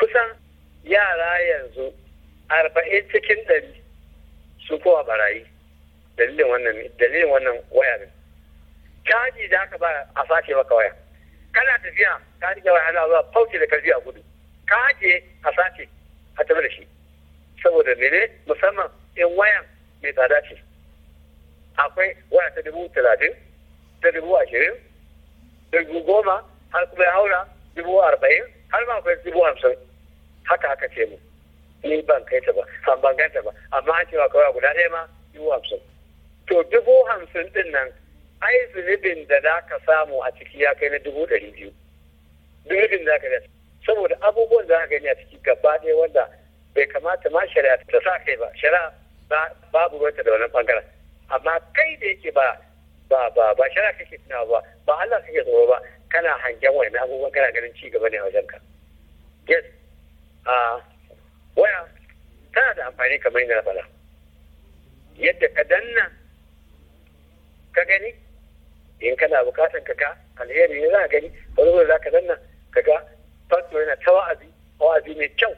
kusan yara yanzu arba'in cikin ɗari su kowa barayi dalilin wannan dalilin wannan waya ne caji da aka ba a sace maka waya kana tafiya ka rike waya ana zuwa fauce da karfi a gudu ka a sace a tafi da shi saboda mene musamman in wayan mai tsada ce akwai waya ta dubu talatin ta dubu ashirin ta dubu goma har kuma ya haura dubu arba'in har ma akwai dubu hamsin haka haka ce mu ni ban kai ta ba san ban kai ta ba amma an cewa kawai guda ɗaya ma dubu hamsin to dubu hamsin ɗin nan ai zunubin da za ka samu a ciki ya kai na dubu ɗari biyu zunubin da ka yi saboda abubuwan da za ka gani a ciki gaba ɗaya wanda bai kamata ma shari'a ta sa kai ba shari'a babu ruwanta da wannan ɓangaren amma kai da yake ba ba ba ba shari'a kake tunawa ba ba Allah kake tsoro ba kana hangen wani abubuwan kana ganin ci gaba ne a wajenka yes ah, waya tana da amfani kamar yadda na faɗa yadda ka danna ka gani in kana bukatan ka ga alheri ne za ka gani wani wani za ka danna ka ga fasfo yana ta wa'azi wa'azi mai kyau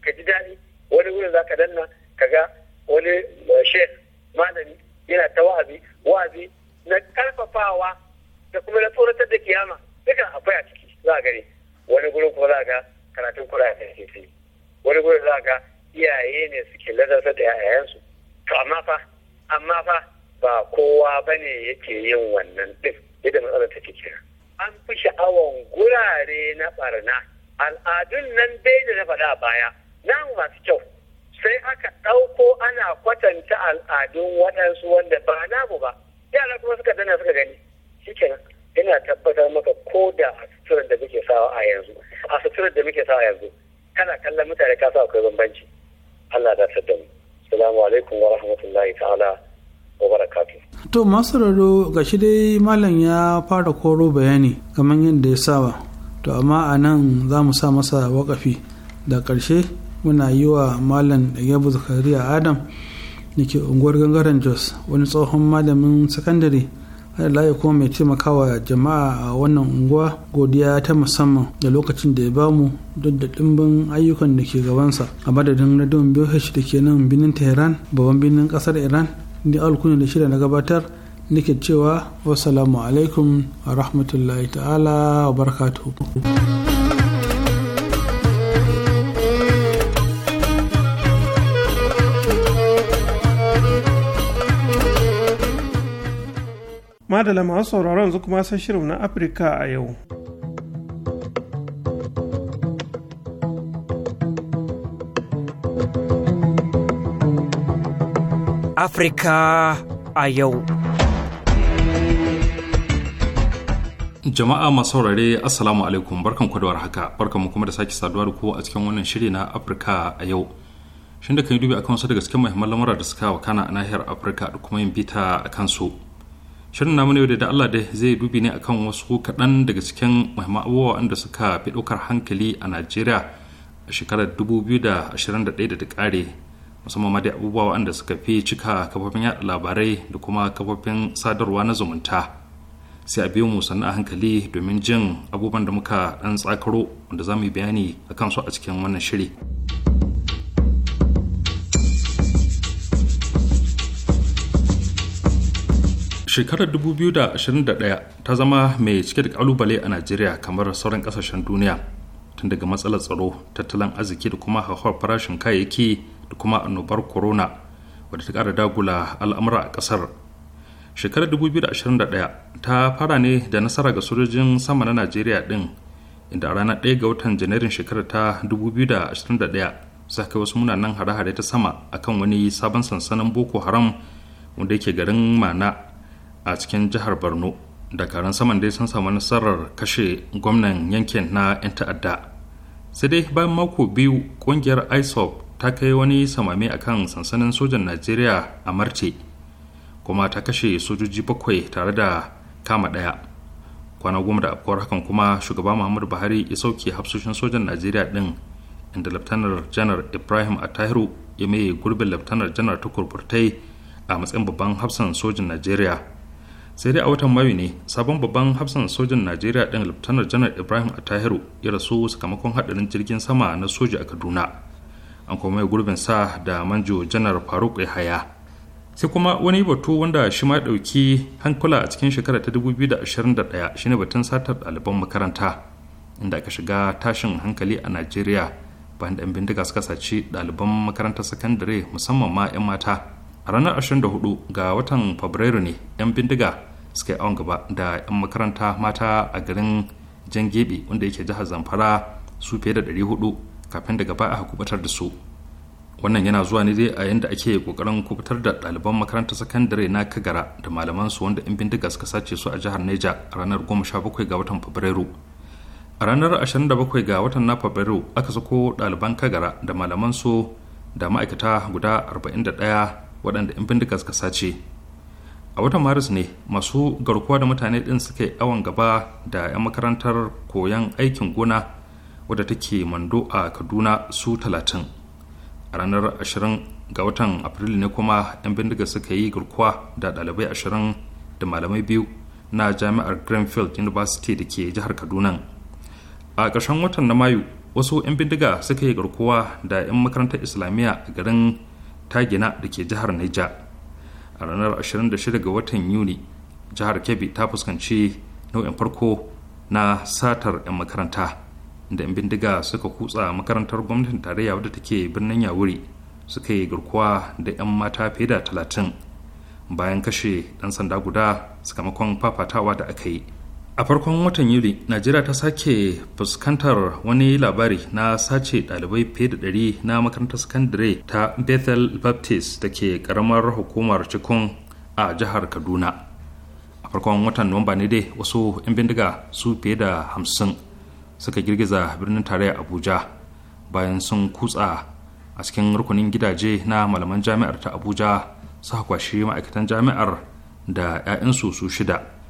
ka ji daɗi wani wani za ka danna ka ga wani eh, shek malami yana ta wa'azi wa'azi na karfafawa da kuma na tsoratar da kiyama duka akwai a ciki za a gani wani gurin kuma za a ga karatun kura ya kai wani gudu za ga iyaye ne suke ladabtar da 'ya'yansu to amma fa amma fa ba kowa ba ne yake yin wannan ɗin yadda matsalar ta ke kira an fi sha'awan gurare na barna al'adun nan dai da na faɗa baya nan masu kyau sai aka ɗauko ana kwatanta al'adun waɗansu wanda ba namu ba yara kuma suka dana suka gani shikenan ina tabbatar maka ko da a suturar da muke sawa a yanzu a suturar da muke sawa a yanzu kana kallon mutane ka sa akwai bambanci Allah da sadda mu assalamu alaikum wa rahmatullahi ta'ala wa barakatuh to masu ga gashi dai malam ya fara koro bayani kamar yadda ya saba to amma a nan za mu sa masa wakafi da ƙarshe muna yi wa malam yabu zakariya adam da ke unguwar gangaren jos wani tsohon malamin sakandare layi kuma mai taimakawa jama'a a wannan unguwa godiya ta musamman da lokacin da ya bamu duk da dimbin ayyukan da ke gabansa a madadin radion BOH da ke nan binin Tehran babban binin kasar Iran ni alkuna da shida na gabatar nake cewa wassalamu alaikum wa rahmatullahi ta'ala wa barakatuhu. madala masu sauraron yanzu kuma sai shirin na afirka a yau afirka a yau jama'a masu saurare assalamu alaikum barkan kwadowar haka barkan mu kuma da sake saduwa da ku a cikin wannan shiri na afirka a yau shin da kan yi dubi akan wasu daga cikin muhimman lamura da suka wakana a nahiyar afirka da kuma yin bita a kansu shirin namu yau da Allah da zai dubi ne akan wasu kaɗan daga cikin muhimman abubuwa wanda suka fi ɗaukar hankali a Najeriya a shekarar 2021 da ta ƙare musamman ma dai abubuwa wanda suka fi cika kafofin yaɗa labarai da kuma kafofin sadarwa na zumunta sai a biyo mu sannan a hankali domin jin abubuwan da muka ɗan tsakaro wanda za mu yi bayani akan su a cikin wannan shiri. shekarar 2021 ta zama mai cike da kalubale a najeriya kamar sauran kasashen duniya tun daga matsalar tsaro tattalin arziki da kuma hauhawar farashin kayayyaki da kuma annobar corona wadda ta kara dagula al'amura a kasar shekarar 2021 ta fara ne da nasara ga sojojin sama na najeriya din inda a ranar 1 ga watan janairun shekarar ta 2021 suka kai wasu munanan hare-hare ta sama akan wani sabon sansanin boko haram wanda yake garin mana a cikin jihar borno karan saman dai sun samu nasarar kashe gwamnan yankin na 'yan ta'adda sai dai bayan mako biyu kungiyar isop ta kai wani samame akan sansanin sojan najeriya a marte kuma ta kashe sojoji bakwai tare da kama daya kwana goma da afkuwar hakan kuma shugaba muhammadu buhari ya sauke hafsoshin sojan najeriya din inda laftanar janar ibrahim atahiru ya mai gurbin laftanar janar tukur burtai a matsayin babban hafsan sojan najeriya sai dai a watan mayu ne sabon babban hafsan sojan najeriya ɗin liftanar janar ibrahim atahiru ya rasu sakamakon haɗarin jirgin sama na soja a kaduna an kuma gurbin sa da manjo janar faruk yahaya sai kuma wani batu wanda shi ma ɗauki hankula a cikin shekara ta da 2021 shine batun satar ɗaliban makaranta inda aka shiga tashin hankali a najeriya bayan ɗan bindiga suka saci ɗaliban makarantar sakandare musamman ma 'yan mata a ranar 24 ga watan fabrairu ne 'yan bindiga suka yi awon gaba da 'yan makaranta mata a garin jan gebe wanda yake jihar zamfara su fiye da 400 kafin daga ba a kubatar da su wannan yana zuwa ne dai a yadda ake kokarin kubutar da ɗaliban makarantar sakandare na kagara da malaman su wanda 'yan bindiga suka sace su a jihar neja a ranar 17 ga watan fabrairu a ranar 27 ga watan na fabrairu aka sako ɗaliban kagara da malaman su da ma'aikata guda 41 waɗanda 'yan bindiga suka sace a watan maris ne masu garkuwa da mutane ɗin suka yi awon gaba da 'yan makarantar koyon aikin gona wadda take mando a kaduna su talatin a ranar 20 ga watan afrilu ne kuma 'yan bindiga suka yi garkuwa da ɗalibai ashirin da malamai biyu na jami'ar greenfield university da ke jihar kaduna a ƙarshen watan na mayu wasu 'yan bindiga suka yi garkuwa da 'yan makarantar islamiyya a garin tagina da ke jihar Niger. A ranar 26 ga watan Yuni, jihar Kebbi ta fuskanci nau'in farko na satar 'yan makaranta, da 'yan bindiga suka kutsa makarantar gwamnatin tarayya wadda take birnin Yawuri suka yi garkuwa da 'yan mata fiye da talatin bayan kashe ɗan sanda guda sakamakon fafatawa da aka yi. a farkon watan yuli najeriya ta sake fuskantar wani labari na sace dalibai fiye da ɗari na makarantar sakandare ta bethel baptist da ke karamar hukumar cikun a jihar kaduna a farkon watan nuwamba ne dai wasu 'yan bindiga su fiye da hamsin suka girgiza birnin tarayya abuja bayan sun kutsa a cikin rukunin gidaje na malaman jami'ar ta abuja su kwashi ma'aikatan jami'ar da 'ya'yansu su shida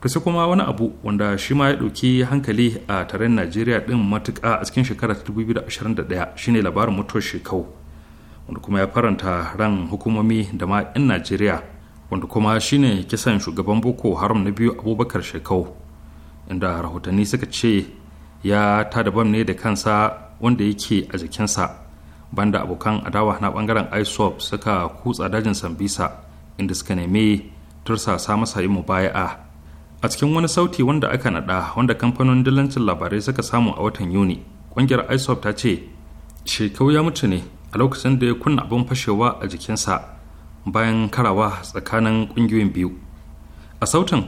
to sai kuma wani abu wanda shi ma ya ɗauki hankali a taron najeriya ɗin matuƙa a cikin shekara 2021 shine labarin mutuwar shekau wanda kuma ya faranta ran hukumomi da ma 'yan najeriya wanda kuma shine kisan shugaban boko haram na biyu abubakar shekau inda rahotanni suka ce ya tada bam ne da kansa wanda yake a jikinsa banda abokan adawa na bangaren isop suka kutsa dajin sambisa inda suka nemi tursasa masa yi mubaya'a a cikin wani sauti wanda aka nada wanda kamfanin dillancin labarai suka samu a watan yuni ƙungiyar isop ta ce shekau ya mutu ne a lokacin da ya kunna abin fashewa a jikinsa bayan karawa tsakanin ƙungiyoyin biyu a sautin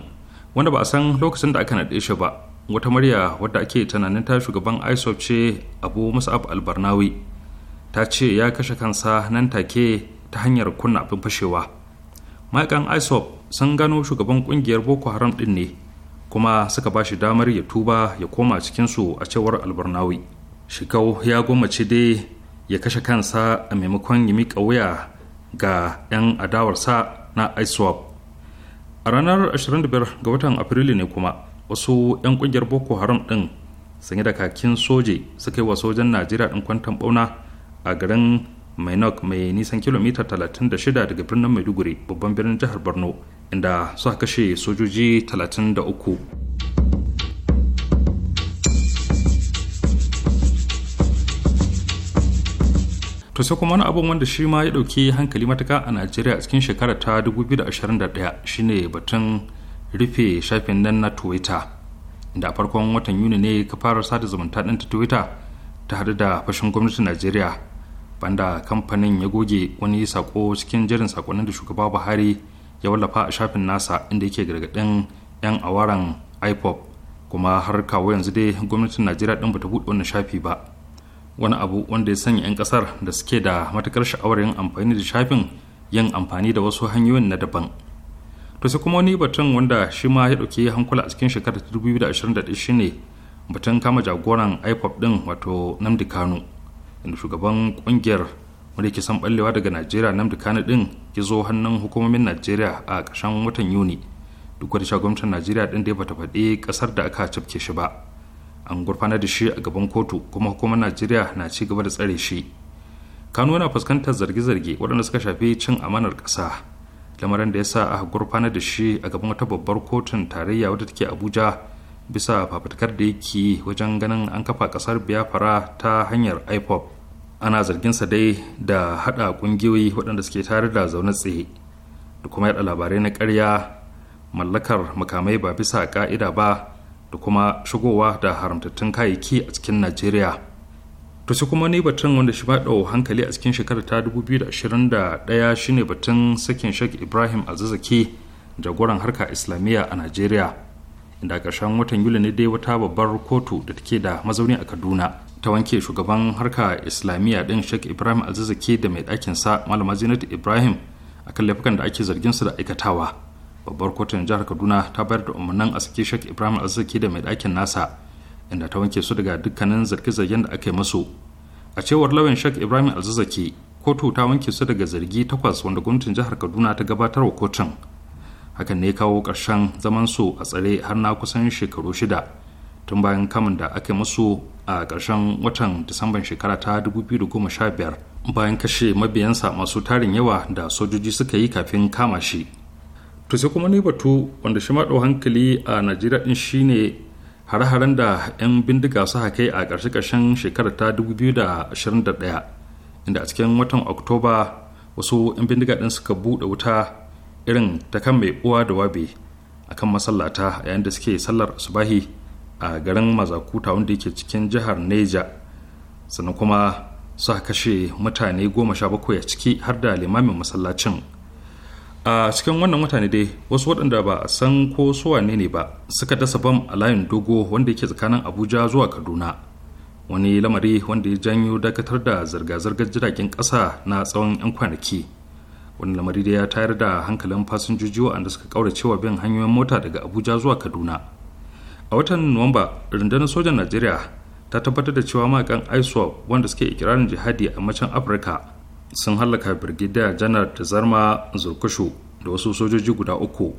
wanda ba a san lokacin da aka naɗe shi ba wata murya wadda ake tunanin ta shugaban isop ce abu musab albarnawi ta ce ya kashe kansa nan take ta hanyar kunna abin fashewa ma'ikan isop sun gano shugaban kungiyar boko haram din ne kuma suka ba shi damar ya tuba ya koma cikinsu a cewar albarnawi shikau ya gwamace dai ya kashe kansa a maimakon ya miƙa wuya ga 'yan adawarsa na iswap a ranar 25 ga watan afrilu ne kuma wasu 'yan kungiyar boko haram din sanye da kakin soje suka yi wa sojan najeriya ɗin kwantan bauna a garin mainok mai nisan kilomita 36 daga birnin maiduguri babban birnin jihar borno inda suka kashe sojoji 33 to sai kuma wani abin wanda shi ma ya dauki hankali matuka a najeriya a cikin shekara ta 2021 shine batun rufe shafin nan na twitter inda a farkon watan yuni ne ka fara sada zumunta ɗin ta twitter ta hadu da fashin gwamnatin najeriya banda kamfanin ya goge wani sako cikin jerin sakonnin da shugaba buhari ya wallafa a shafin nasa inda yake gargaɗin 'yan awaran ipop kuma har kawo yanzu dai gwamnatin najeriya ɗin bata buɗe wani shafi ba wani abu wanda ya sanya 'yan ƙasar da suke da matukar sha'awar yin amfani da shafin yin amfani da wasu hanyoyin na daban to sai kuma wani batun wanda shi ma ya ɗauki hankula a cikin shekarar 2021 shine batun kama jagoran ipop ɗin wato namdi kano inda shugaban ƙungiyar wanda yake san ballewa daga najeriya namdi kanu din ya zo hannun hukumomin najeriya a ƙarshen watan yuni duk da gwamnatin najeriya din da ya bata faɗi ƙasar da aka cafke shi ba an gurfana da shi a gaban kotu kuma hukumar najeriya na ci gaba da tsare shi kano yana fuskantar zarge-zarge waɗanda suka shafi cin amanar ƙasa lamarin da ya sa aka gurfanar da shi a gaban wata babbar kotun tarayya wadda take abuja bisa fafutukar da yake wajen ganin an kafa ƙasar biafra ta hanyar ipop ana zarginsa dai da haɗa ƙungiyoyi waɗanda suke tare da zaune tsaye da kuma yaɗa labarai na ƙarya mallakar makamai ba bisa ƙa'ida ba da kuma shigowa da haramtattun kayayyaki a cikin najeriya to shi kuma ni batun wanda shi ɗau hankali a cikin shekarar ta 2021 shine batun sakin shek ibrahim azizaki jagoran harka islamiyya a najeriya inda ƙarshen watan yuli ne dai wata babbar kotu da take da mazauni a kaduna ta wanke shugaban harka islamiyya din sheikh ibrahim alzazzaki da mai ɗakin sa malama zinat ibrahim kan laifukan da ake zargin su da aikatawa babbar kotun jihar kaduna ta bayar da umarnin a saki sheikh ibrahim alzazzaki da mai ɗakin nasa inda ta wanke su daga dukkanin zargin zargin da aka yi musu a cewar lauyan sheikh ibrahim alzazzaki kotu ta wanke su daga zargi takwas wanda gwamnatin jihar kaduna ta gabatar wa kotun hakan ne kawo ƙarshen zaman su a tsare har na kusan shekaru shida tun bayan kamun da aka musu a ƙarshen watan disamban shekara ta 2015 bayan kashe mabiyansa masu tarin yawa da sojoji suka yi kafin kama shi to sai kuma ne batu wanda shi maɗau hankali a najeriya ɗin shine hare-haren da 'yan bindiga su kai a ƙarshe-ƙarshen shekara ta 2021 inda a cikin watan oktoba wasu 'yan bindiga ɗin suka buɗe wuta irin ta kan mai uwa da wabe kan masallata yayin da suke sallar subahi a garin mazakuta wanda yake cikin jihar neja sannan kuma suka kashe mutane goma sha bakwai a ciki har da limamin masallacin a cikin wannan mutane dai wasu waɗanda ba a san ko suwa ne ba suka dasa bam a layin dogo wanda yake tsakanin abuja zuwa kaduna wani lamari wanda ya janyo dakatar da zirga-zirgar jiragen ƙasa na tsawon 'yan kwanaki wani lamari da ya tayar da hankalin fasinjoji waɗanda suka ƙauracewa bin hanyoyin mota daga abuja zuwa kaduna a watan nuwamba rundunar sojan najeriya ta tabbatar da cewa makan iswap wanda suke ikirarin jihadi a macen afirka sun hallaka birgida janar da zarma zurkushu da wasu sojoji guda uku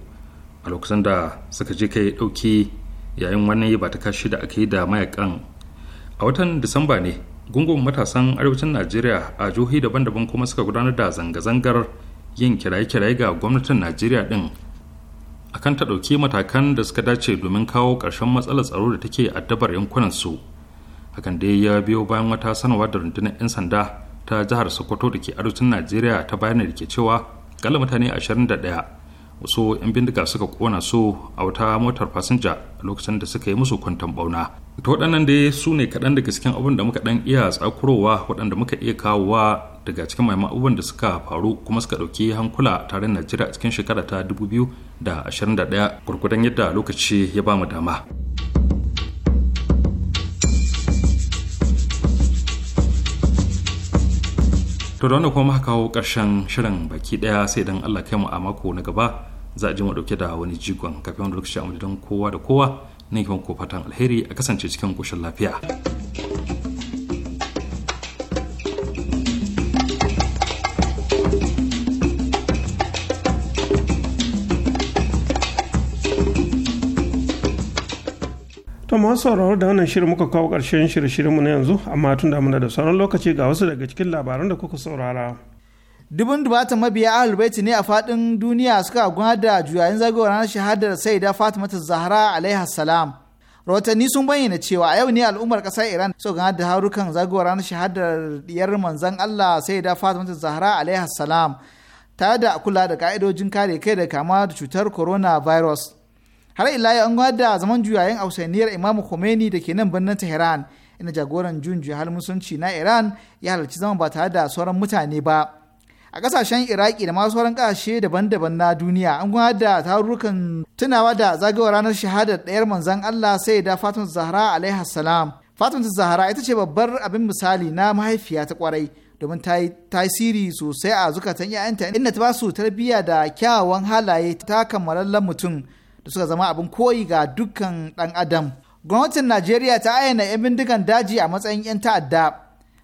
a lokacin da suka je kai dauki yayin wani ba ta kashi da aka yi da mayakan a watan disamba ne gungun matasan arewacin najeriya a jihohi daban-daban kuma suka gudanar da zanga-zangar yin kiraye-kiraye ga gwamnatin najeriya din akan ta ɗauki matakan da suka dace domin kawo ƙarshen matsalar tsaro da take addabar yankunan su hakan dai ya biyo bayan wata sanarwa da rundunar 'yan sanda ta jihar sokoto da ke arewacin najeriya ta bayanar da ke cewa kala mutane 21 wasu 'yan bindiga suka kona su a wata motar fasinja a lokacin da suka yi musu kwanton bauna ta waɗannan dai su ne kaɗan daga cikin abin da muka ɗan iya tsakurowa waɗanda muka iya kawowa daga cikin maimakon abubuwan da suka faru kuma suka ɗauki hankula tare najeriya a cikin shekara ta 2021 gurgudan yadda lokaci ya ba mu dama to da wannan kuma muka kawo ƙarshen shirin baki ɗaya sai idan allah kai mu a mako na gaba za a ji mu ɗauke da wani jigon kafin wani lokaci a kowa da kowa ne kuma ko fatan alheri a kasance cikin ƙoshin lafiya. To masu sauraro da wannan shirin muka kawo ƙarshen shirye mu na yanzu amma tun da muna da sauran lokaci ga wasu daga cikin labaran da kuka saurara. Dubin dubatan mabiya Ahlul Baiti ne a faɗin duniya suka gwada juyayin zagayowar ranar shahadar Sayyida Fatima Zahra alaiha salam. Rahotanni sun bayyana cewa a yau ne al'ummar ƙasar Iran suka gana da harukan zagayowar ranar shahadar diyar manzon Allah Sayyida Fatima Zahra alaiha salam tare da kula da ka'idojin kare kai da kama da cutar coronavirus. virus. har ila yau an gwada da zaman juyayen ausainiyar imam khomeini da ke nan birnin tehran inda jagoran jun juya musulunci na iran ya halarci zama ba tare da sauran mutane ba a kasashen iraki da masu sauran kasashe daban-daban na duniya an gwada da tarurrukan tunawa da zagayowar ranar shahada ɗayar manzan allah sai da fatun zahra alaihi salam fatun zahra ita ce babbar abin misali na mahaifiya ta kwarai domin ta yi tasiri sosai a zukatan 'ya'yanta inda ta ba su tarbiyya da kyawawan halaye ta kammalallen mutum da suka zama abin koyi ga dukkan ɗan adam gwamnatin najeriya ta ayyana 'yan bindigan daji a matsayin 'yan ta'adda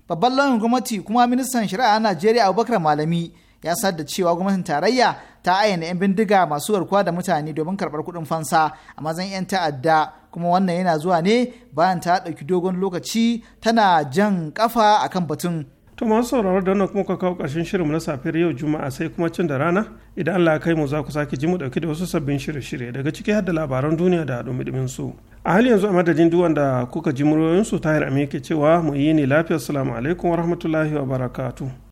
babban launin gwamnati kuma ministan shari'a a najeriya abubakar malami ya sanar da cewa gwamnatin tarayya ta ayyana 'yan bindiga masu warkuwa da mutane domin karɓar kuɗin fansa a matsayin 'yan ta'adda kuma wannan yana zuwa ne bayan ta ɗauki dogon lokaci tana jan ƙafa kan batun To masu sauraro da wannan kuma ka kawo ƙarshen shirinmu na safiyar yau Juma'a sai kuma cin da rana idan Allah ya kai mu za ku sake ji mu dauki da wasu sabbin shirye-shirye daga ciki har da labaran duniya da dumi su. A hali yanzu a madadin duk wanda kuka ji muryoyin su tahir ke cewa mu yi ne lafiya assalamu alaikum wa rahmatullahi wa barakatu.